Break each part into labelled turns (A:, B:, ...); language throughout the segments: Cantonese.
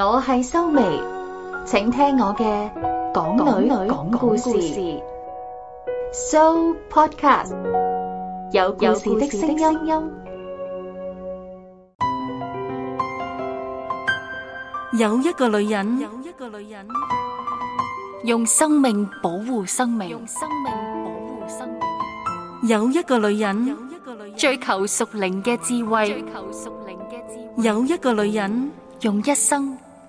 A: 我係修眉，請聽我嘅講女女講故事，So Podcast 有故事的聲音。有一個女人，有一個女人用生命保護生命，用生命保護生命。有一個女人，有一個女人追求屬靈嘅智慧，追求屬靈嘅智慧。有一個女人用一生。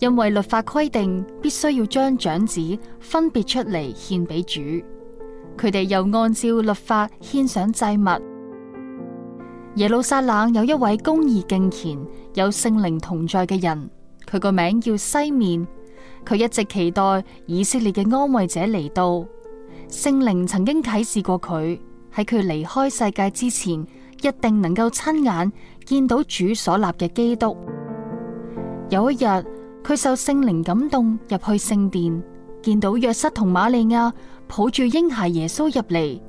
A: 因為律法規定，必須要將長子分別出嚟獻俾主。佢哋又按照律法獻上祭物。耶路撒冷有一位公義敬虔、有聖靈同在嘅人，佢個名叫西面。佢一直期待以色列嘅安慰者嚟到。聖靈曾經啟示過佢，喺佢離開世界之前，一定能夠親眼見到主所立嘅基督。有一日，佢受聖靈感動入去聖殿，見到約瑟同瑪利亞抱住嬰孩耶穌入嚟，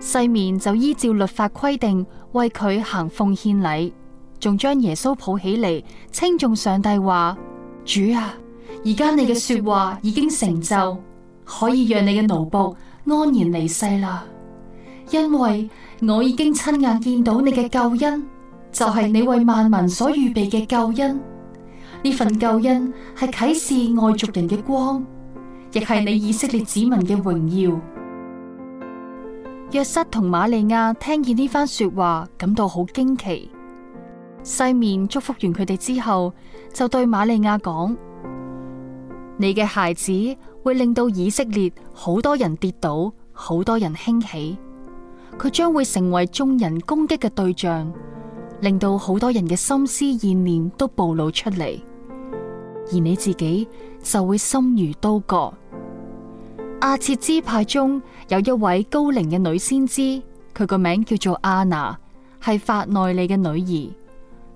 A: 西面就依照律法規定為佢行奉獻禮，仲將耶穌抱起嚟，稱頌上帝話：主啊，而家你嘅說話已經成就，可以讓你嘅奴僕安然離世啦，因為我已經親眼見到你嘅救恩，就係你為萬民所預備嘅救恩。呢份救恩係啟示外族人嘅光，亦係你以色列子民嘅榮耀。約瑟同瑪利亞聽見呢番說話，感到好驚奇。西面祝福完佢哋之後，就對瑪利亞講：「你嘅孩子會令到以色列好多人跌倒，好多人興起。佢將會成為眾人攻擊嘅對象，令到好多人嘅心思意念都暴露出嚟。」而你自己就會心如刀割。亞設支派中有一位高齡嘅女先知，佢個名叫做亞拿，係法內利嘅女兒，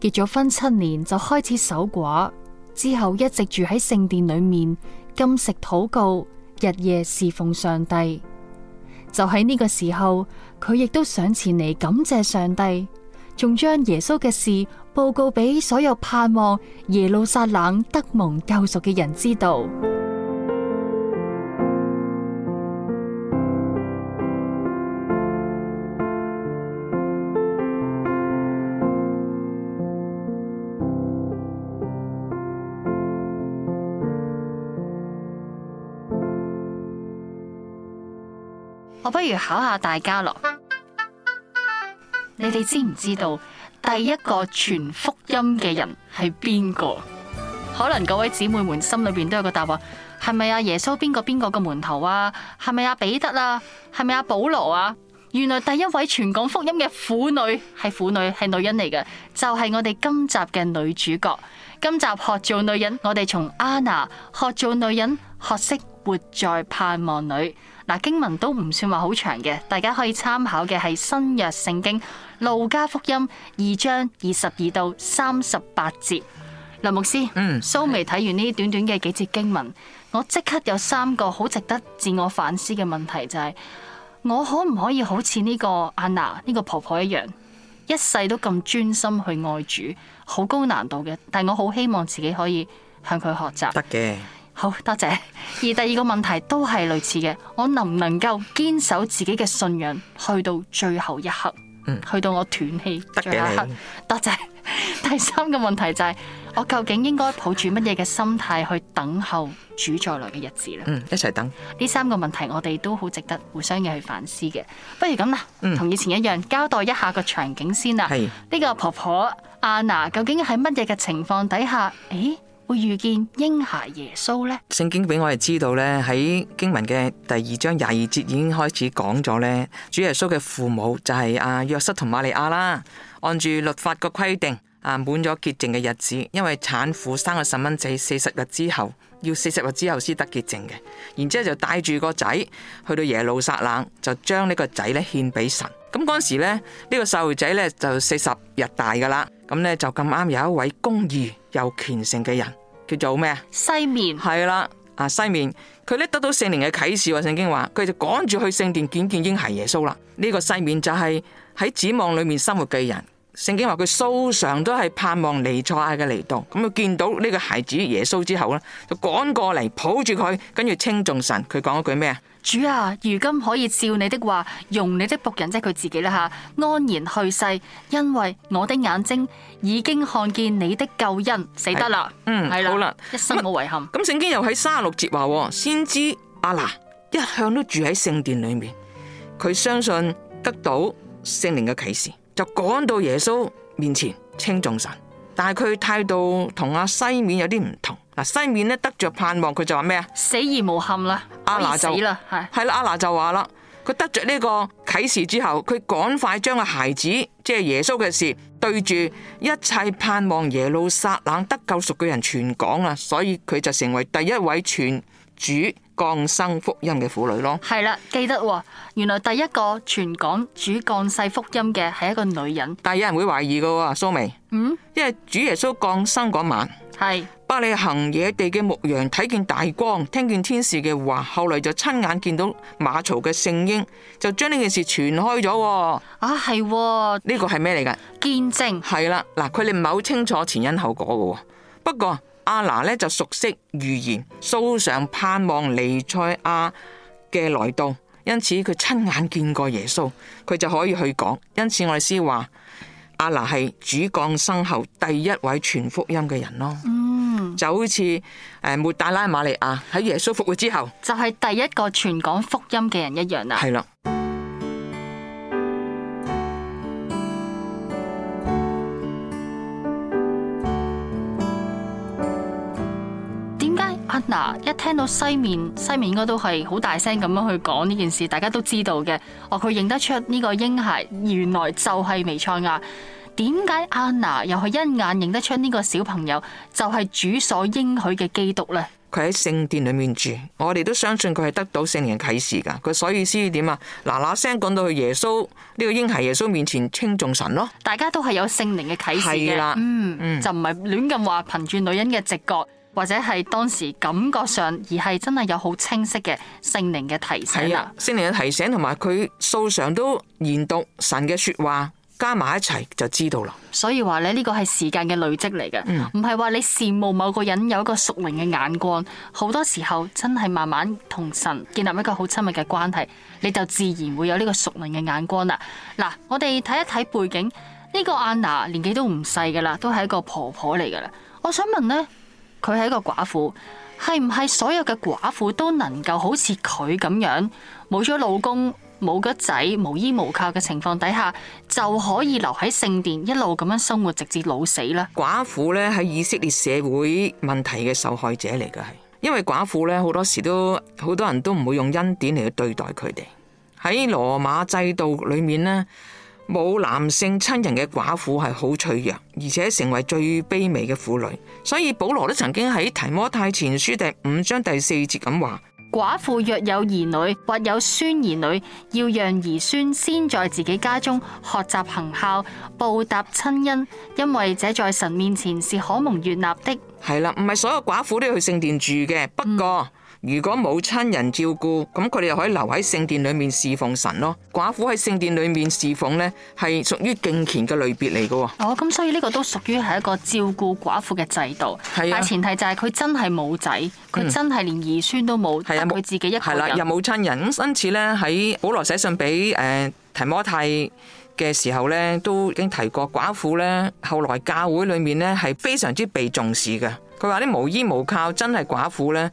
A: 結咗婚七年就開始守寡，之後一直住喺聖殿裏面，禁食禱告，日夜侍奉上帝。就喺呢個時候，佢亦都上前嚟感謝上帝，仲將耶穌嘅事。報告俾所有盼望耶路撒冷德蒙救贖嘅人知道。 我不如考下大家咯， 你哋知唔知道？第一個傳福音嘅人係邊個？可能各位姊妹們心裏邊都有個答案，係咪阿耶穌邊個邊個嘅門徒啊？係咪阿彼得啊？係咪阿保羅啊？原來第一位傳講福音嘅婦女係婦女係女人嚟嘅，就係、是、我哋今集嘅女主角。今集學做女人，我哋從 Anna 學做女人，學識活在盼望裏。嗱，經文都唔算話好長嘅，大家可以參考嘅係新約聖經。路加福音二章二十二到三十八節，林牧師，蘇眉睇完呢短短嘅幾節經文，的我即刻有三個好值得自我反思嘅問題，就係、是、我可唔可以好似呢個安娜呢個婆婆一樣，一世都咁專心去愛主，好高難度嘅，但係我好希望自己可以向佢學習得嘅。的好多謝。而第二個問題都係類似嘅，我能唔能夠堅守自己嘅信仰去到最後一刻？去到我斷氣、嗯、最後一刻、嗯、多謝。第三個問題就係、是，我究竟應該抱住乜嘢嘅心態去等候主再來嘅日子咧、嗯？一齊等。呢三個問題我哋都好值得互相嘅去反思嘅。不如咁啦，同、嗯、以前一樣，交代一下個場景先啦。呢是個婆婆阿娜，Anna, 究竟喺乜嘢嘅情況底下？誒？會遇見嬰孩耶穌呢？
B: 聖經俾我哋知道呢，喺經文嘅第二章廿二節已經開始講咗呢，主耶穌嘅父母就係、是、啊約瑟同瑪利亞啦。按住律法嘅規定，啊滿咗潔淨嘅日子，因為產婦生個細蚊仔四十日之後，要四十日之後先得潔淨嘅。然之後就帶住個仔去到耶路撒冷，就將個呢個仔咧獻俾神。咁嗰時呢，呢、這個細路仔呢，就四十日大噶啦。咁咧就咁啱有一位公義又虔誠嘅人，叫做咩啊面？西面係啦，啊西面，佢咧得到聖靈嘅啟示，聖經話佢就趕住去聖殿見見嬰孩耶穌啦。呢個西面就係喺指望裏面生活嘅人。聖經話佢素常都係盼望彌賽亞嘅嚟到，咁佢見到呢個孩子耶穌之後呢就趕過嚟抱住佢，跟住稱頌神。佢講一句咩啊？
A: 主啊，如今可以照你的話，容你的僕人即係佢自己啦吓、啊，安然去世，因為我的眼睛已經看見你的救恩，死得啦。嗯，係啦的，好
B: 了一生冇遺憾。咁聖經又喺三十六節話，先知亞拿、啊、一向都住喺聖殿裏面，佢相信得到聖靈嘅啟示。就趕到耶穌面前稱頌神，但係佢態度同阿西面有啲唔同。嗱，西面咧得着盼望，佢就話咩啊？死而無憾啦！ 阿拿就係啦，阿拿就話啦，佢得着呢個啟示之後，佢趕快將個孩子即係耶穌嘅事對住一切盼望耶路撒冷得救贖嘅人全講啊，所以佢就成為第一位傳主降生福音嘅婦女咯，係啦，記得、
A: 哦、原來第一個傳講主降世福音嘅係一個女人，
B: 但係有人會懷疑噶、哦，蘇眉，嗯，因為主耶穌降生嗰晚，係伯利恆野地嘅牧羊睇見大光，聽見天使嘅話，後來就親眼見到馬槽嘅聖嬰，就將呢件事傳開咗，啊係，呢個係咩嚟噶見證，係啦，嗱佢哋唔係好清楚前因後果噶，不過。阿拿咧就熟悉預言，素常盼望尼塞亞嘅來到，因此佢親眼見過耶穌，佢就可以去講。因此我哋先話阿拿係主降生後第一位傳福音嘅人咯。嗯，就好似誒抹大拉瑪利亞喺耶穌復活之後，就係第一個傳講福音嘅人一樣啦，啊。係啦。
A: 嗱、啊，一聽到西面，西面應該都係好大聲咁樣去講呢件事，大家都知道嘅。哦，佢認得出呢個嬰孩，原來就係彌賽亞。點解安娜又係一眼認得出呢個小朋友就係主所應許嘅基
B: 督呢？佢喺聖殿裏面住，我哋都相信佢係得到聖靈啟示㗎。佢所以先點啊？嗱嗱聲講到去耶穌呢、這個嬰孩耶穌面前稱頌神咯。大家都係
A: 有聖靈嘅啟示嘅，的嗯，嗯就唔係亂咁話憑住女人嘅直覺。或者係當時感覺上，而係真係有好清晰嘅聖靈嘅提醒啦。
B: 聖靈嘅提醒同埋佢素常都研讀神嘅説話，加埋一齊就知道啦。
A: 所以話咧，呢個係時間嘅累積嚟嘅，唔係話你羨慕某個人有一個屬靈嘅眼光。好多時候真係慢慢同神建立一個好親密嘅關係，你就自然會有呢個屬靈嘅眼光啦。嗱，我哋睇一睇背景，呢個亞娜年紀都唔細噶啦，都係一個婆婆嚟噶啦。我想問呢。佢係一個寡婦，係唔係所有嘅寡婦都能夠好似佢咁樣冇咗老公冇個仔無依無靠嘅情況底下就可以留喺聖殿一
B: 路咁樣生活，直至老死呢？寡婦呢係以色列社會問題嘅受害者嚟嘅係，因為寡婦呢好多時都好多人都唔會用恩典嚟去對待佢哋喺羅馬制度裏面呢。冇男性親人嘅寡婦係好脆弱，而且成為最卑微嘅婦女。所以保羅都曾經喺提摩太前書第五章第四節咁話：
A: 寡婦若有兒女或有孫兒女，要讓兒孫先在自己家中學習行孝，報答親恩，因為這在神面前是可蒙悦納的。
B: 係啦，唔係所有寡婦都要去聖殿住嘅，不過。嗯如果冇親人照顧，咁佢哋又可以留喺聖殿裏面侍奉神咯。寡婦喺聖殿裏面侍奉呢，係屬於敬虔嘅類別嚟㗎喎。
A: 哦，咁所以呢個都屬於係一個照顧寡婦嘅制度，啊、但前提就係佢真係冇仔，佢真係、嗯、連兒孫都冇，啊，佢自己
B: 一個人。係啦、啊，又冇親人因此呢，喺保羅寫信俾提摩太嘅時候呢，都已經提過寡婦呢。後來教會裏面呢，係非常之被重視嘅。佢話啲無依無靠真係寡婦呢。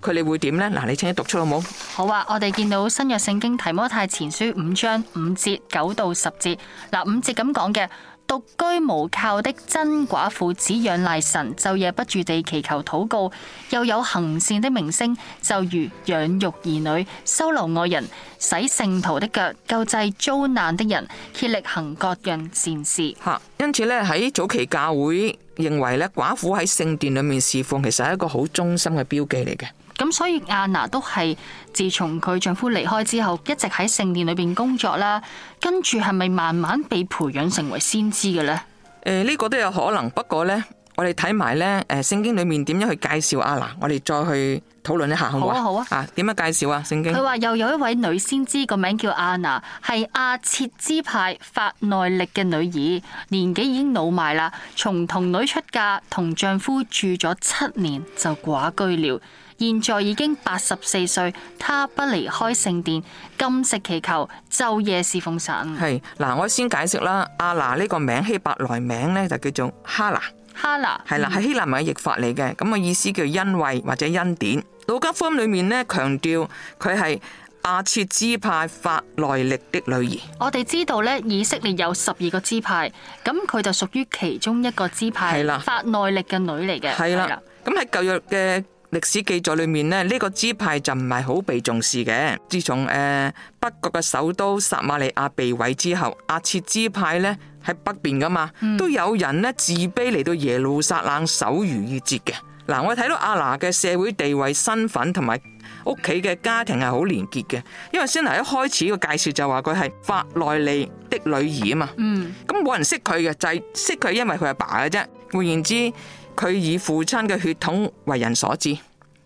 B: 佢哋會點呢？嗱，你請一讀出好冇
A: 好，好啊？我哋見到新約聖經提摩太前書五章五節九到十節嗱，五節咁講嘅獨居無靠的真寡婦只仰賴神，晝夜不住地祈求禱告，又有行善的明星，就如養育兒女、收留外人、洗聖徒的腳，救濟遭難的人，竭力行各樣善事。吓，
B: 因此呢，喺早期教會認爲咧，寡婦喺聖殿裏面侍奉，其實係一個好忠心嘅標記嚟嘅。
A: 咁所以阿娜都係自從佢丈夫離開之後，一直喺聖殿裏邊工作啦。跟住係咪慢慢被培養成為先知嘅呢？
B: 誒、呃，呢、呢個都有可能。不過呢，我哋睇埋呢誒，聖經裏面點樣去介紹阿娜？我哋再去討論一下好啊，好啊。好啊，啊，點樣介紹啊？聖經佢話
A: 又有一位女先知，個名叫阿娜，係阿切茲派法內力嘅女兒，年紀已經老邁啦。從同女出嫁，同丈夫住咗七年就寡居了。現在已經八十四歲，他不離開聖殿，禁食祈求，晝夜
B: 侍奉神。係嗱，我先解釋啦。亞拿呢個名，希伯來名咧，就叫做哈拿，
A: 哈拿係啦，係希
B: 臘文嘅譯法嚟嘅。咁嘅意思叫恩惠或者恩典。路加福音裡面咧，強調佢係亞設支派法內力的女兒。
A: 我哋知道咧，以色列有十二個支派，咁佢就屬於其中一個支派，係啦，法內力嘅女嚟嘅，係啦。
B: 咁喺舊約嘅歷史記載裏面咧，呢、這個支派就唔係好被重視嘅。自從誒、呃、北國嘅首都撒瑪利亞被毀之後，亞切支派呢喺北邊㗎嘛，嗯、都有人呢自卑嚟到耶路撒冷守逾越節嘅。嗱，我睇到阿拿嘅社會地位、身份同埋屋企嘅家庭係好連結嘅，因為先嚟一開始個介紹就話佢係法內利的女兒啊嘛。嗯，咁冇、嗯、人識佢嘅，就係、是、識佢因為佢阿爸嘅啫。換言之。佢以父親嘅血統為人所知，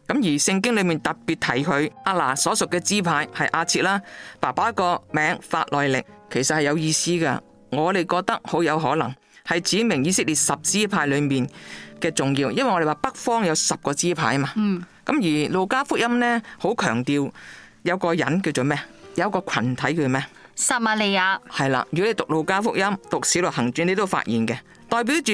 B: 咁而聖經裏面特別提佢阿娜所屬嘅支派係阿切啦。爸爸個名法內力其實係有意思嘅，我哋覺得好有可能係指明以色列十支派裏面嘅重要，因為我哋話北方有十個支派啊嘛。嗯，咁而路加福音呢，好強調有個人叫做咩，有一個羣體叫咩，
A: 撒瑪利亞。
B: 係啦，如果你讀路加福音、讀使徒行傳，你都發現嘅，代表住。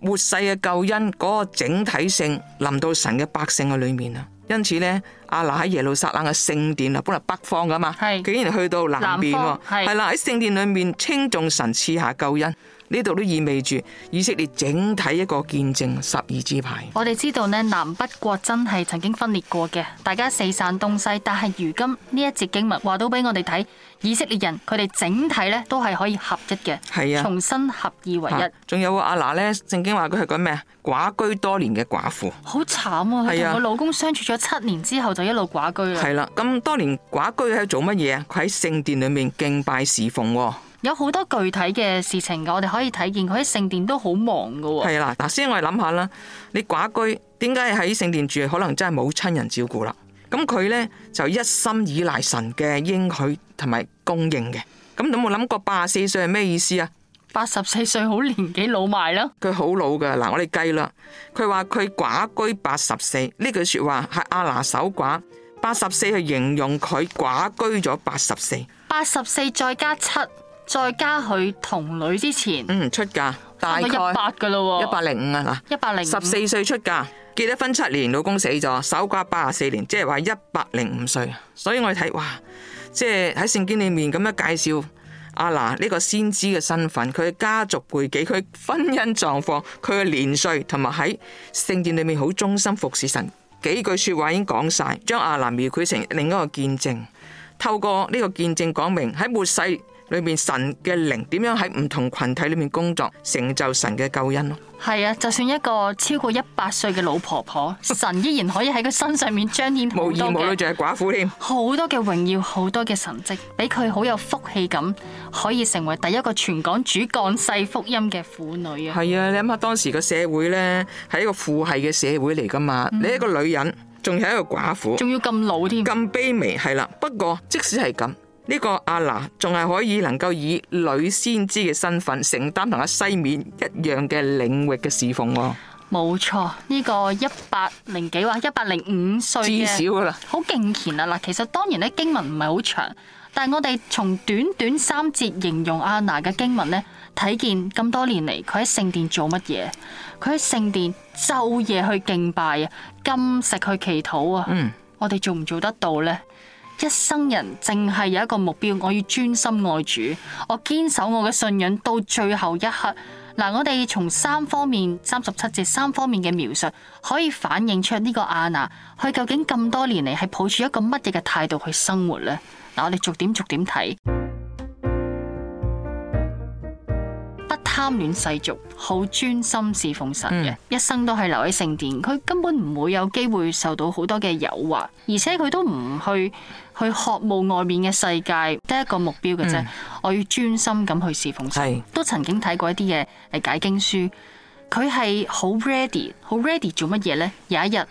B: 活世嘅救恩嗰個整體性臨到神嘅百姓嘅裏面啊，因此呢，阿拿喺耶路撒冷嘅聖殿啊，本來北方噶嘛，是竟然去到南邊，係啦，喺聖殿裏面稱重神，賜下救恩，呢度都意味住以色列整體一個見證十二支派。
A: 我哋知道呢，南北國真係曾經分裂過嘅，大家四散東西，但係如今呢一節經文話到俾我哋睇。以色列人佢哋整體咧都係可以合一嘅，啊、重新合二為一。
B: 仲、啊、有個阿娜咧，聖經話佢係講咩啊？寡居多年嘅寡婦，
A: 好慘啊！係啊，我老公相處咗七年之後就一路寡居啦。係
B: 啦、啊，咁多年寡居喺做乜嘢啊？佢喺聖殿裏面敬拜侍奉、哦，
A: 有好多具體嘅事情噶，我哋可以睇見佢喺聖殿都好忙噶、
B: 哦。係啦、啊，嗱，先我哋諗下啦，你寡居點解喺聖殿住？可能真係冇親人照顧啦。咁佢呢，就一心以賴神嘅應許同埋供應嘅，咁有冇諗過八十四歲係咩意思啊？八十四歲好年紀老邁咯，佢好老噶。嗱，我哋計啦，佢話佢寡居八十四，呢句說話係阿拿守寡，八十四去形容佢寡居咗八十四。
A: 八十四再加七，再加佢同女之前，嗯，出嫁，
B: 大概一百噶咯，一百零五啊，嗱，一百零十四歲出嫁。結咗婚七年，老公死咗，守寡八十四年，即係話一百零五歲。所以我哋睇哇，即係喺聖經裏面咁樣介紹阿娜呢個先知嘅身份，佢嘅家族背景，佢婚姻狀況，佢嘅年歲，同埋喺聖殿裏面好忠心服侍神，幾句說話已經講晒，將阿娜描繪成另一個見證，透過呢個見證講明喺末世，裏面神嘅靈點樣喺唔同群體裏面工作，成就神嘅救恩，
A: 係啊，就算一個超過一百歲嘅老婆婆， 神依然可以喺佢身上面彰顯好多嘅。 無兒無女仲係寡婦添，好多嘅榮耀，好多嘅神蹟，俾佢好有福氣感，可以成為第一個全港主降世福音嘅婦女啊！係啊，你
B: 諗下當時個社會呢，係一個父系嘅社會嚟噶嘛？嗯、你一個女人，仲係一個寡婦，仲要咁老添，咁卑微係啦。不過即使係咁。呢個阿拿仲係可以能夠以女先知嘅身份承擔同阿西面一樣嘅領域嘅侍奉。哦，冇錯。呢、
A: 呢個一百零幾或一百零五歲嘅，至少喇，好敬虔啊！嗱，其實當然咧經文唔係好長，但係我哋從短短三節形容阿拿嘅經文咧，睇見咁多年嚟，佢喺聖殿做乜嘢？佢喺聖殿晝夜去敬拜啊，禁食去祈禱啊。嗯，我哋做唔做得到咧？一生人淨係有一個目標，我要專心愛主，我堅守我嘅信仰到最後一刻。嗱，我哋從三方面，三十七節三方面嘅描述，可以反映出呢個亞拿，佢究竟咁多年嚟，係抱住一個乜嘢嘅態度去生活呢？嗱，我哋逐點逐點睇，嗯、不貪戀世俗，好專心侍奉神嘅，一生都係留喺聖殿，佢根本唔會有機會受到好多嘅誘惑，而且佢都唔去。佢渴慕外面嘅世界，得一個目標嘅啫。嗯、我要專心咁去侍奉神，是都曾經睇過一啲嘢嚟，解經書。佢係好 ready，好 ready 做乜嘢呢？有一日，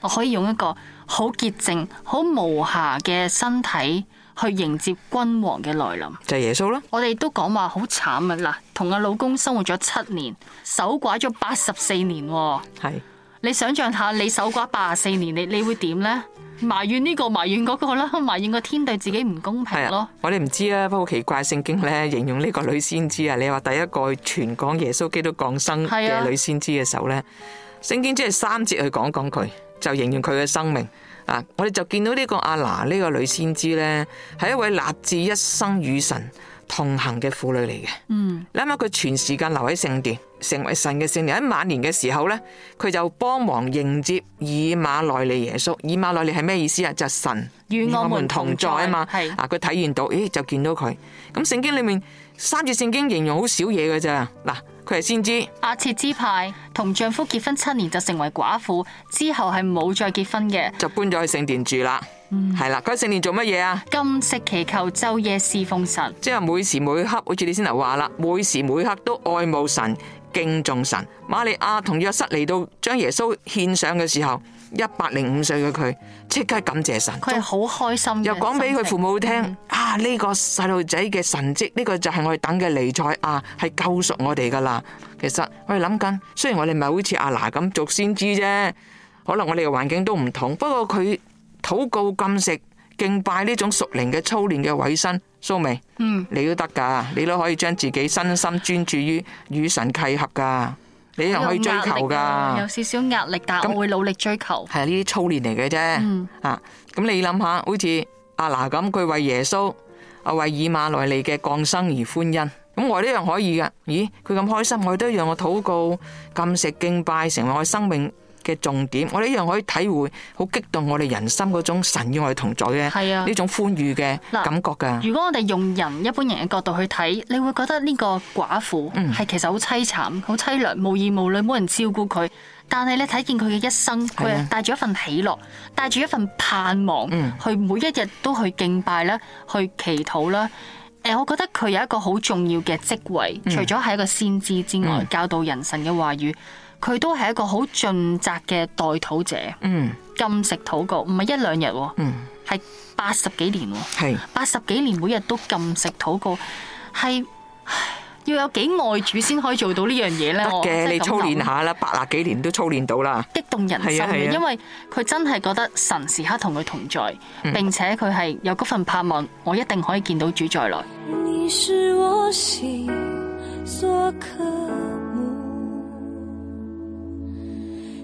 A: 我可以用一個好潔淨、好無瑕嘅身體去迎接君王嘅來臨，就係耶穌啦。我哋都講話好慘啊！嗱，同阿老公生活咗七年，守寡咗八十四年喎。係。你想象下，你守寡八十四年，你你會點咧？埋怨呢、這個埋怨嗰個啦，埋怨、那個埋怨、那個、埋怨個天對自己唔公平
B: 咯。我哋唔知啦，不過好奇怪，聖經咧形容呢個女先知啊，你話第一個傳講耶穌基督降生嘅女先知嘅時候咧，聖的經只係三節去講講佢，就形容佢嘅生命啊。我哋就見到呢個阿娜，呢個女先知咧，係一位立志一生與神。同行嘅婦女嚟嘅，嗯，你諗下佢全時間留喺聖殿，成為神嘅聖殿。喺晚年嘅時候咧，佢就幫忙迎接以馬內利耶穌。以馬內利係咩意思啊？就係神與我們同在啊嘛，係啊，佢是體驗到，咦，就見到佢。咁聖經裏面三字聖經形容好少嘢嘅咋。嗱。先知，阿切支派同丈夫結婚七年就成為寡婦，之後係冇再結婚嘅，就搬咗去聖殿住啦。係啦、嗯，佢喺聖殿做乜嘢啊？禁食祈求，晝夜侍奉神，即係每時每刻，好似你先頭話啦，每時每刻都愛慕神、敬重神。瑪利亞同約瑟嚟到將耶穌獻上嘅時候。一百零五歲嘅佢，即刻感謝神，
A: 佢係好開心，心，又講俾佢父母聽、
B: 嗯、啊！呢、這個細路仔嘅神蹟，呢、這個就係我哋等嘅彌賽亞，係救贖我哋噶啦。其實我哋諗緊，雖然我哋唔係好似阿拿咁做先知啫，可能我哋嘅環境都唔同。不過佢禱告、禁食、敬拜呢種屬靈嘅操練嘅委身，蘇眉，嗯，你都得噶，你都可以將自己身心專注於與神契合噶。你又可以追求噶，有少少壓力，但我會努力追求。係、嗯、啊，呢啲操練嚟嘅啫。啊，咁你諗下，好似阿娜咁，佢為耶穌啊，為以馬內利嘅降生而歡欣。咁我呢樣可以噶？咦，佢咁開心，我都都讓我禱告，禁食敬拜成為我生命嘅重點，我哋一樣可以體會好激動我哋人心嗰種神與我哋同在嘅呢種歡愉嘅感覺噶。如
A: 果我哋用人一般人嘅角度去睇，你會覺得呢個寡婦係其實好淒慘、好淒涼、無兒無女、冇人照顧佢。但係你睇見佢嘅一生，佢係帶住一份喜樂，帶住、啊、一份盼望，嗯、去每一日都去敬拜啦、去祈禱啦。誒、呃，我覺得佢有一個好重要嘅職位，除咗係一個先知之外，教導人神嘅話語。佢都係一個好盡責嘅代禱者，嗯，禁食禱告唔係一兩日，嗯，係八十幾年，係八十幾年每日都禁食禱告，係要有幾愛主先可以做到呢
B: 樣嘢咧？得嘅，你操練下啦，八啊幾年都操練到啦，激動人心啊！因為
A: 佢真係覺得神時刻同佢同在，並且佢係有嗰份盼望，我一定可以見到主再來。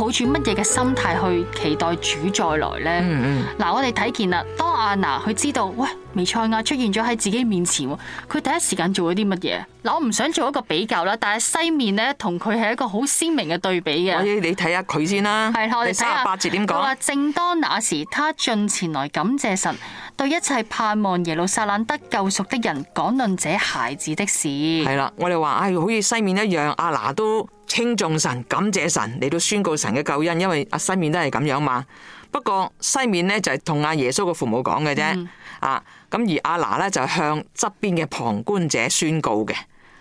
A: 抱住乜嘢嘅心態去期待主再來呢？嗱、嗯嗯啊，我哋睇見啦，當阿娜佢知道喂，彌賽亞出現咗喺自己面前，佢第一時間做咗啲乜嘢？嗱、啊，我唔想做一個比較啦，但係西面呢，同佢係一個好鮮明嘅對比嘅。我你睇下佢先啦，係我哋睇下三十八節點講。我話正當那時，他進前來感謝神，對一切盼望耶
B: 路撒冷得救贖的人，講論這孩子的事。係啦，我哋話唉，好似西面一樣，阿娜都。稱頌神，感謝神，嚟到宣告神嘅救恩，因為阿西面都係咁樣嘛。不過西面呢就係同阿耶穌嘅父母講嘅啫，啊、嗯，咁而阿娜呢，就向側邊嘅旁觀者宣告嘅。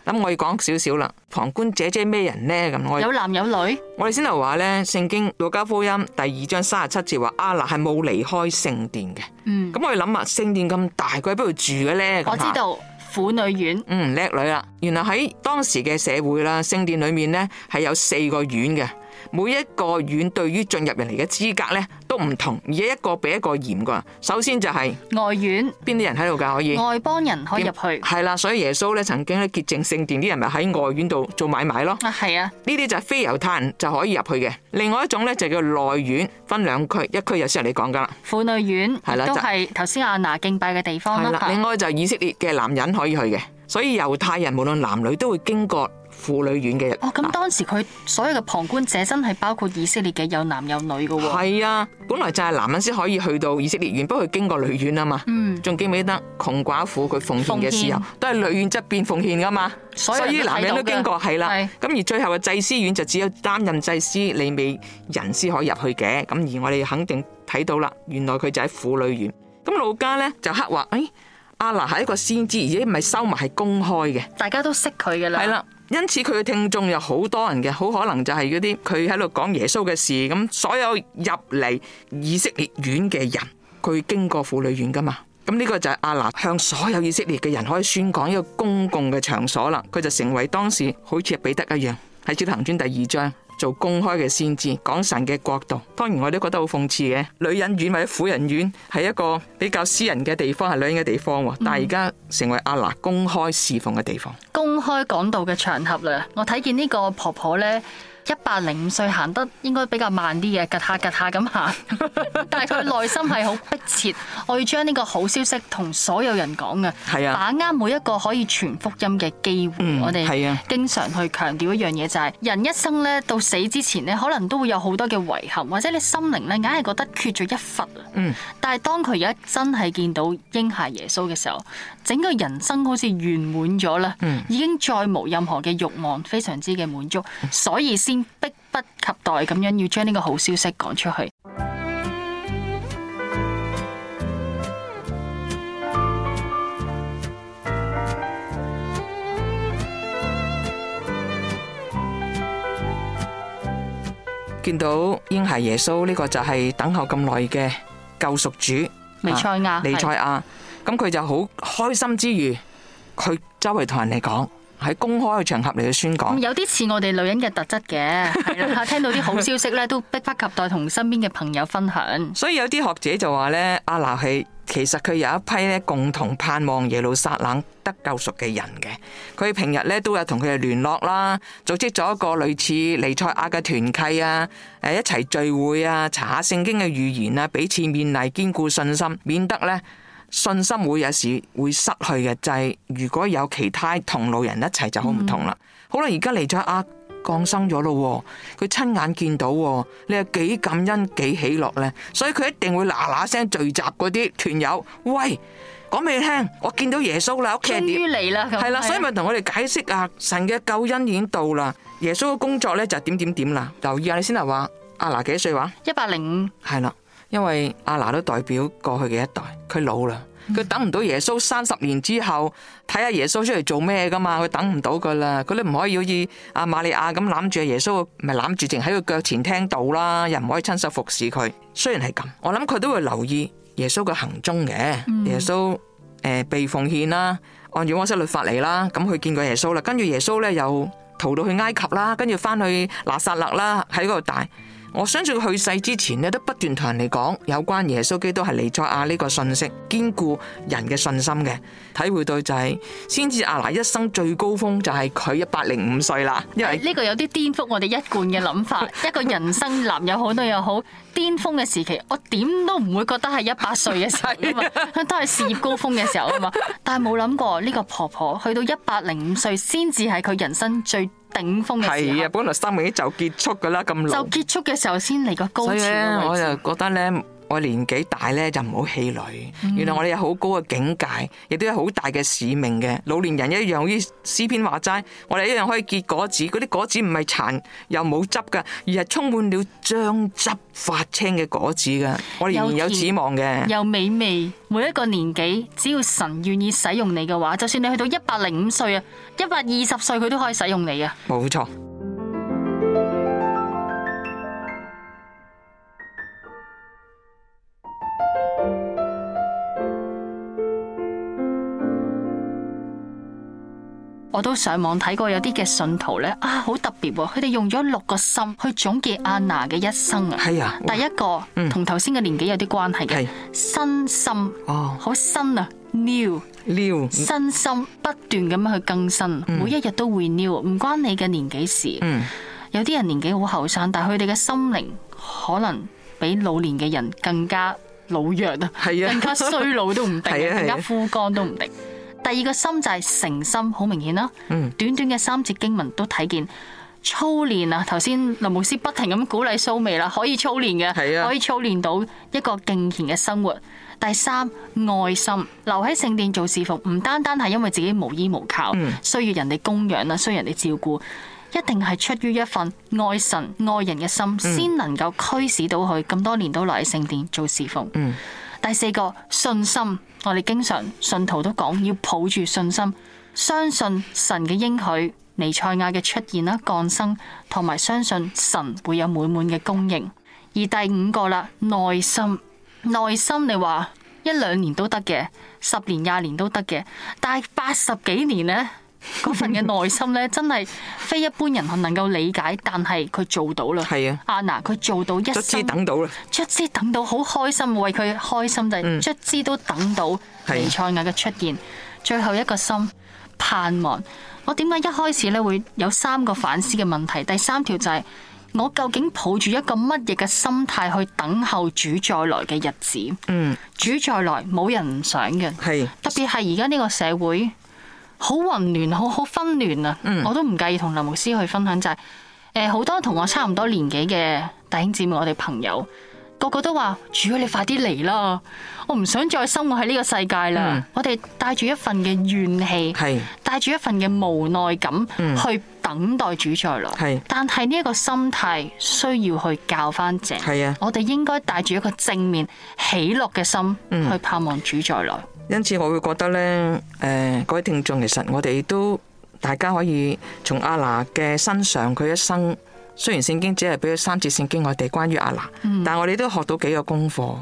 B: 咁我要講少少啦，旁觀姐姐咩人呢？咁我有男有女。我哋先頭話呢聖經路加福音第二章三十七節話，阿娜係冇離開聖殿嘅。嗯，咁我要諗下，聖殿咁大，佢喺邊度住嘅呢？我知道。婦女院，嗯，叻女啦。原來喺當時嘅社會啦，聖殿裏面咧係有四個院嘅。每一個院對於進入人嚟嘅資格咧都唔同，而一個比一個嚴噶。首先就係、是、外院，邊啲人喺度噶可以？外
A: 邦人可以入
B: 去。係啦，所以耶穌咧曾經咧潔淨聖殿啲人咪喺外院度做買賣咯。啊，係啊，呢啲就係非猶太人就可以入去嘅。另外一種咧就叫內院，分兩區，一區有先你講噶啦。婦女院係啦，的都係
A: 頭先亞拿敬拜嘅地方啦，
B: 另外就以色列嘅男人可以去嘅，所以猶太人無論男女都會經過。婦女院嘅，哦，咁當時佢所有嘅旁觀者真係包括以色列嘅，有男有女噶喎。係啊，本來就係男人先可以去到以色列院，不過佢經過女院啊嘛。仲記唔記得窮寡婦佢奉獻嘅時候都係女院側邊奉獻噶嘛？所以男人都經過係啦。咁而最後嘅祭司院就只有擔任祭司、利未人先可以入去嘅。咁而我哋肯定睇到啦，原來佢就喺婦女院。咁路加咧就刻話：哎，亞拿係一個先知，而且唔係收埋係公開嘅，大家都識佢噶啦。係啦。因此佢嘅聽眾有好多人嘅，好可能就係嗰啲佢喺度講耶穌嘅事，咁所有入嚟以色列院嘅人，佢經過婦女院噶嘛，咁呢個就係亞拿向所有以色列嘅人可以宣講一個公共嘅場所啦，佢就成為當時好似彼得一樣喺《使徒行傳》第二章。做公開嘅先知，講神嘅國度。當然我都覺得好諷刺嘅，女人院或者婦人院係一個比較私人嘅地方，係女人嘅地方喎。但係而家成為阿娜公開侍奉嘅地方，
A: 嗯、公開講道嘅場合啦。我睇見呢個婆婆呢。一百零五歲行得應該比較慢啲嘅，㗱下㗱下咁行， 但係佢內心係好迫切，我要將呢個好消息同所有人講噶，啊、把握每一個可以傳福音嘅機會，嗯啊、我哋係經常去強調一樣嘢就係、是，人一生咧到死之前咧，可能都會有好多嘅遺憾，或者你心靈呢硬係覺得缺咗一忽，嗯、但係當佢而家真係見到嬰孩耶穌嘅時候。整個人生好似圓滿咗啦，已經再無任何嘅欲望，非常之嘅滿足，所以先迫不及待咁樣要將呢個好消息講出去。
B: 見到嬰孩耶穌呢個就係等候咁耐嘅救贖主，尼賽亞，尼賽亞。咁佢就好開心之餘，佢周圍同人哋講，喺公開嘅場合嚟,去宣講，
A: 有啲似我哋女人嘅特質嘅，係聽到啲好消息咧，都迫不及待同身邊嘅
B: 朋友分享。 所以有啲學者就話咧，阿拿係其實佢有一批咧共同盼望耶路撒冷得救贖嘅人嘅，佢平日咧都有同佢哋聯絡啦，組織咗一個類似尼賽亞嘅團契啊，誒一齊聚會啊，查下聖經嘅預言啊，彼此勉勵，堅固信心，免得咧。信心會有時會失去嘅，就係、是，如果有其他同路人一齊就，嗯、好唔同啦。好啦，啊，而家嚟咗阿降生咗咯，佢親眼見到，你，nah、又幾感恩幾喜樂咧。所以佢一定會嗱嗱聲聚集嗰啲團友。喂，講俾你聽，我見到耶穌啦，屋企人終於嚟啦，係啦，所以咪同我哋解釋啊，神嘅救恩已經到啦，耶穌嘅工作咧就點點點啦。留意下你先啊，話阿嗱幾歲話？一百零五。係啦。因為阿拿都代表過去嘅一代，佢老啦，佢等唔到耶穌三十年之後睇下耶穌出嚟做咩噶嘛，佢等唔到噶啦，佢都唔可以好似阿瑪利亞咁攬住阿耶穌，咪攬住淨喺佢腳前聽到啦，又唔可以親手服侍佢。雖然係咁，我諗佢都會留意耶穌嘅行蹤嘅。耶穌誒被奉獻啦，按住摩西律法嚟啦，咁佢見過耶穌啦，跟住耶穌咧又逃到去埃及啦，跟住翻去拿撒勒啦，喺嗰度大。我相信去世之前咧，都不斷同人哋講有關耶穌基督係彌賽亞呢個信息，堅固人嘅信心嘅。體會到就係、是，先知亞拿一生最高峰就係佢一百零五歲啦。因
A: 為呢、哎這個有啲顛覆我哋一貫嘅諗法， 一個人生男又好女又好，巔峰嘅時期，我點都唔會覺得係一百歲嘅時候啊， 都係事業高峰嘅時候啊嘛。但係冇諗過呢、這個婆婆去到一百零五歲，先至係佢人生最。
B: 頂峰嘅時候，係啊，本來三萬幾就結束噶啦，咁耐就
A: 結束嘅時候先嚟個
B: 高潮。所以我又覺得咧。我年紀大咧就唔好氣餒。原來我哋有好高嘅境界，亦都有好大嘅使命嘅。老年人一樣好似詩篇話齋，我哋一樣可以結果子。嗰啲果子唔係殘又冇汁噶，而係充滿了漿汁發青嘅果子噶。我哋仍然有指望嘅，又甜又
A: 美味。每一個年紀，只要神願意使用你嘅話，就算你去到一百零五歲啊，一百二十歲，佢都可以使用你啊。冇錯。我都上網睇過有啲嘅信徒咧，啊，好特別，佢哋用咗六個心去總結阿娜嘅一生啊。係啊，第一個同頭先嘅年紀有啲關係嘅，新心哦，好新啊，new new，新心不斷咁樣去更新，每一日都會 new，唔、嗯、關你嘅年紀事。有啲人年紀好後生，但係佢哋嘅心靈可能比老年嘅人更加老弱係啊，更加衰老都唔定，啊、更加枯乾都唔定。第二個心就係誠心，好明顯啦。嗯、短短嘅三節經文都睇見操練啊！頭先林牧師不停咁鼓勵蘇美啦，可以操練嘅，係啊、可以操練到一個敬虔嘅生活。第三愛心，留喺聖殿做侍奉，唔單單係因為自己無依無靠，嗯、需要人哋供養啦，需要人哋照顧，一定係出於一份愛神愛人嘅心，嗯、先能夠驅使到佢咁多年都留喺聖殿做侍奉，嗯。第四個信心。我哋經常信徒都講要抱住信心，相信神嘅應許彌賽亞嘅出現啦、降生，同埋相信神會有滿滿嘅供應。而第五個啦，耐心，耐心你話一兩年都得嘅，十年廿年都得嘅，但係八十幾年呢？嗰 份嘅內心咧，真係非一般人能夠理解，但係佢做到啦。係啊的，安娜佢做到一。卒之等到啦。卒之等到好開心，為佢開心就係卒之都等到彌賽亞嘅出現。的最後一個心盼望，我點解一開始咧會有三個反思嘅問題？第三條就係、是、我究竟抱住一個乜嘢嘅心態去等候主再來嘅日子？嗯，主再來冇人唔想嘅，係的的特別係而家呢個社會。好混亂，好好紛亂啊！嗯、我都唔介意同林牧師去分享，就係、是、好多同我差唔多年紀嘅弟兄姊妹，我哋朋友。個個都話，主你快啲嚟啦！我唔想再生活喺呢個世界啦！嗯、我哋帶住一份嘅怨氣，是帶住一份嘅無奈感，嗯、去等待主再來。是但係呢一個心態需要去教翻正。係啊！我哋應該帶住一個正面喜樂嘅心，嗯、去盼望主再來。
B: 因此我會覺得咧，誒、呃，各位聽眾，其實我哋都大家可以從阿娜嘅身上，佢一生。雖然聖經只係俾咗三節聖經我哋關於阿拿，但係我哋都學到幾個功課。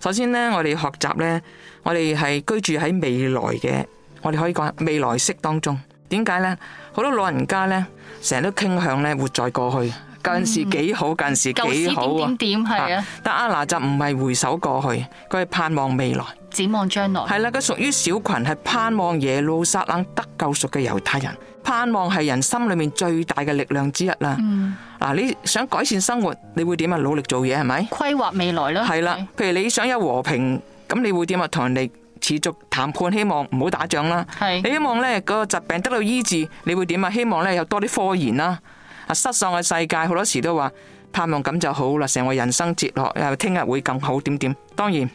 B: 首先呢，我哋學習呢，我哋係居住喺未來嘅，我哋可以講未來式當中。點解呢？好多老人家呢，成日都傾向呢活在過去，舊陣時幾好，舊陣時幾好啊！但阿拿就唔係回首過去，佢係盼望未來，展望將來。係啦，佢屬於小群，係盼望耶路撒冷得救贖嘅猶太人。盼望係人心裏面最大嘅力量之一啦。嗱、嗯啊，你想改善生活，你會點啊？努力做嘢係咪？規劃未來咯。係啦，譬如你想有和平，咁你會點啊？同人哋持續談判，希望唔好打仗啦。係是。你希望咧，呢個疾病得到醫治，你會點啊？希望咧，有多啲科研啦。啊，失喪嘅世界好多時都話盼望咁就好啦，成為人生哲學又聽日會更好點點。當然，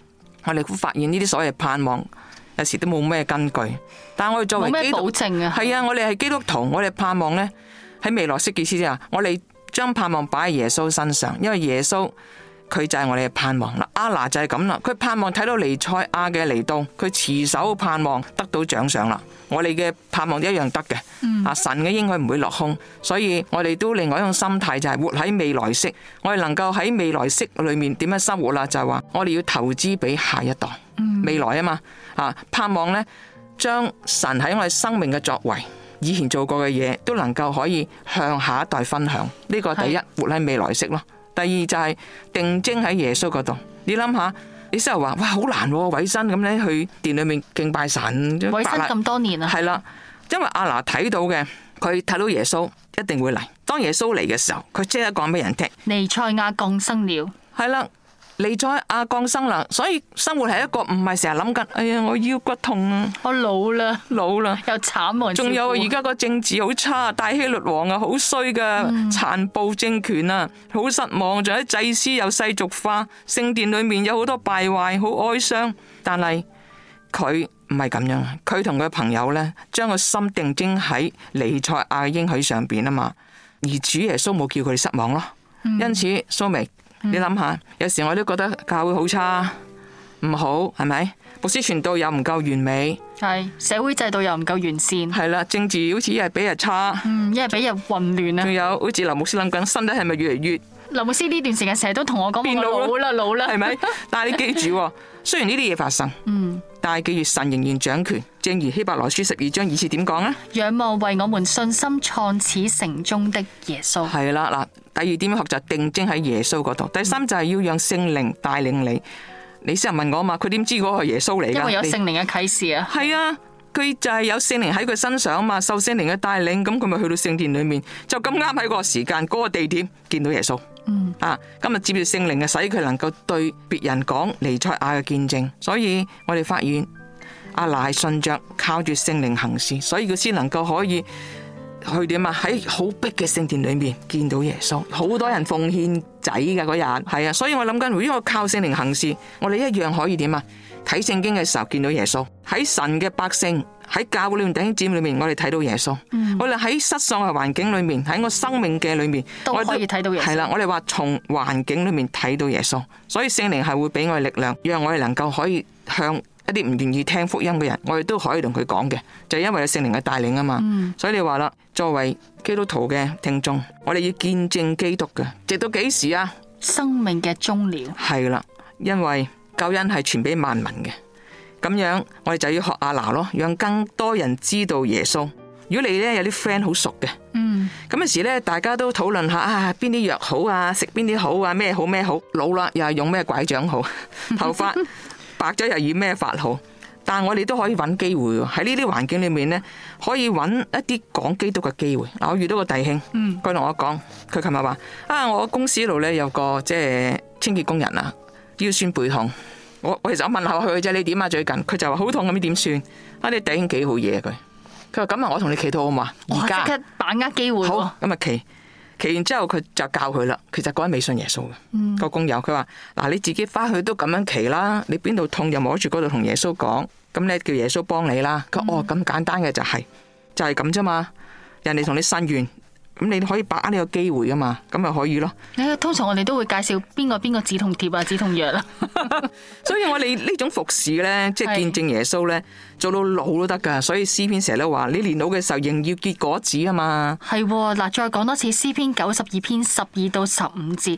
B: 我哋會發現呢啲所謂盼望。有時都冇咩根據，但係我哋作為保證係啊，我哋係基督徒，我哋盼望呢，喺未來式嘅意思就係。我哋將盼望擺喺耶穌身上，因為耶穌佢就係我哋嘅盼望啦。阿拿就係咁啦，佢盼望睇到彌賽亞嘅嚟到，佢持守盼望得到獎賞啦。我哋嘅盼望一樣得嘅啊，神嘅應該唔會落空，所以我哋都另外一種心態就係活喺未來式。我哋能夠喺未來式裏面點樣生活啦，就係話我哋要投資俾下一代未來啊嘛。啊！盼望咧，將神喺我哋生命嘅作為，以前做過嘅嘢，都能夠可以向下一代分享。呢、這個第一，是活喺未來式咯。第二就係定睛喺耶穌嗰度。你諗下，你先又話哇，好難、啊，偉身咁咧去殿裏面敬拜神。偉身咁多年啦。係啦，因為阿拿睇到嘅，佢睇到耶穌一定會嚟。當耶穌嚟嘅時候，佢即刻講俾人聽。彌賽亞降生了。係啦。彌賽亞降生啦，所以生活係一個唔係成日諗緊，哎呀我腰骨痛啊，我老啦，老啦了，又慘啊！仲有而家個政治好差，大希律王啊好衰嘅殘暴政權啊，好失望。仲有祭司又世俗化，聖殿裏面有好多敗壞，好哀傷。但係佢唔係咁樣，佢同佢朋友呢，將個心定睛喺彌賽亞應許上邊啊嘛。而主耶穌冇叫佢哋失望咯，嗯、因此蘇眉。你諗下，有時我都覺得教會好差，唔好係咪？牧師傳道又唔夠完美，係社會制度又唔夠完善，係啦，政治好似又係比日差，嗯，一係比日混亂啦。仲有好似劉牧師諗緊，身體係咪越嚟越？
A: 劉牧師呢段時間成日都同我講，變老啦，老啦，係咪？
B: 但係你記住，雖然呢啲嘢發生，
A: 嗯，
B: 但係嘅月神仍然掌權，正如希伯來書十二章二節點講啊？仰望為我們信心創始成終的耶穌係啦嗱。第二點學習定睛喺耶穌嗰度，第三就係要讓聖靈帶領你。你先人問我啊嘛，佢點知嗰個係耶穌嚟？因為有聖靈嘅啟示啊。係啊，佢就係有聖靈喺佢身上啊嘛，受聖靈嘅帶領，咁佢咪去到聖殿裏面就咁啱喺個時間嗰個地點見到耶穌。嗯，啊，今日接住聖靈啊，使佢能夠對別人講彌賽亞嘅見證，所以我哋發現亞拿信着靠住聖靈行事，所以佢先能夠可以去點啊？喺好逼嘅聖殿裏面見到耶穌，好多人奉獻仔嘅嗰日，係啊，所以我諗緊，如果我靠聖靈行事，我哋一樣可以點啊？睇聖經嘅時候見到耶穌，喺神嘅百姓。喺教會裏面、弟兄姊妹裏面，我哋睇到耶穌；我哋喺失喪嘅環境裏面，喺我生命嘅裏面，都可以睇到耶穌。係啦，我哋話從環境裏面睇到耶穌，所以聖靈係會俾我哋力量，讓我哋能夠可以向一啲唔願意聽福音嘅人，我哋都可以同佢講嘅，就因為有聖靈嘅帶領啊嘛。所以你話啦，作為基督徒嘅聽眾，我哋要見證基督嘅，直到幾時啊？生命嘅終了。係啦，因為救恩係傳俾萬民嘅。咁樣，我哋就要學阿拿咯，讓更多人知道耶穌。如果你咧有啲 friend 好熟嘅，咁有時咧大家都討論下啊，邊啲藥好啊，食邊啲好啊，咩好咩好。老啦，又係用咩拐杖好？頭髮 白咗又以咩髮好？但我哋都可以揾機會喎。喺呢啲環境裏面咧，可以揾一啲講基督嘅機會。嗱，我遇到個弟兄，佢同、嗯、我講，佢琴日話啊，我公司度咧有個即係清潔工人啊，腰酸背痛。我其實我問下佢，啫，你點啊最近？佢就話好痛咁，點算？啊，你頂幾好嘢佢。佢話咁啊，我同你祈禱啊嘛。而家、哦、即刻把握機會。好，咁啊祈祈完之後，佢就教佢啦。其實嗰位未信耶穌嘅個工友，佢話嗱，你自己翻去都咁樣祈啦。你邊度痛又摸住嗰度同耶穌講，咁你叫耶穌幫你啦。佢哦咁簡單嘅就係、是、就係咁啫嘛。人哋同你伸願。咁你可以把握呢個機會啊嘛，咁咪可以
A: 咯。誒，通常我哋都會介紹邊個邊個止痛貼啊，止痛
B: 藥啦。所以我哋呢種服侍咧，即係見證耶穌咧，做到老都得噶。所以詩篇成日都話，你年老嘅時候仍要結果子啊嘛。係嗱、哦，再講
A: 多次，詩篇九十二篇十二到十五節。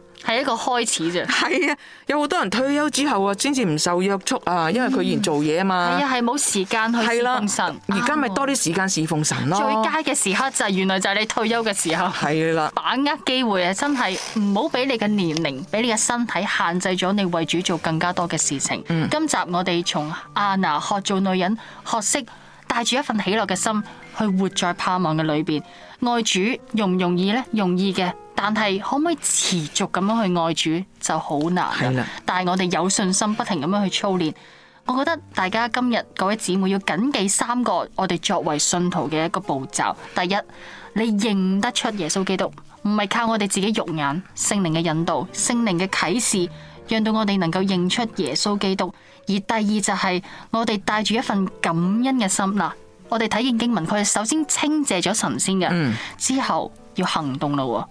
B: 係一個開始啫，係啊！有好多人退休之後啊，先至唔受約束啊，因為佢而家做嘢啊嘛。係、嗯、啊，係冇時間去侍奉神。而家咪多啲時間侍、哦、奉神咯。最
A: 佳嘅時刻就係原來就係你退休嘅時候。
B: 係啦、啊，把
A: 握機會啊！真係唔好俾你嘅年齡，俾你嘅身體限制咗你為主做更加多嘅事情。嗯、今集我哋從阿娜學做女人，學識帶住一份喜樂嘅心去活在盼望嘅裏邊，愛主容唔容易呢？容易嘅。但係可唔可以持續咁樣去愛主就好難。係啦，但係我哋有信心，不停咁樣去操練。我覺得大家今日各位姊妹要謹記三個我哋作為信徒嘅一個步驟。第一，你認得出耶穌基督，唔係靠我哋自己肉眼，聖靈嘅引導、聖靈嘅啟示，讓到我哋能夠認出耶穌基督。而第二就係、是、我哋帶住一份感恩嘅心。嗱，我哋睇見經文，佢係首先稱謝咗神仙嘅，嗯、之後。要行動咯，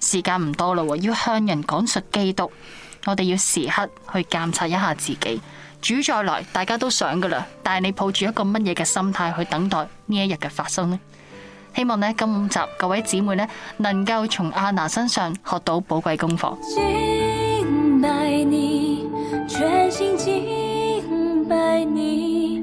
A: 時間唔多咯，要向人講述基督。我哋要時刻去監察一下自己。主再來，大家都想噶啦，但係你抱住一個乜嘢嘅心態去等待呢一日嘅發生呢？希望呢今集各位姊妹呢，能夠從阿娜身上學到寶貴功課。敬拜你，全心敬拜你。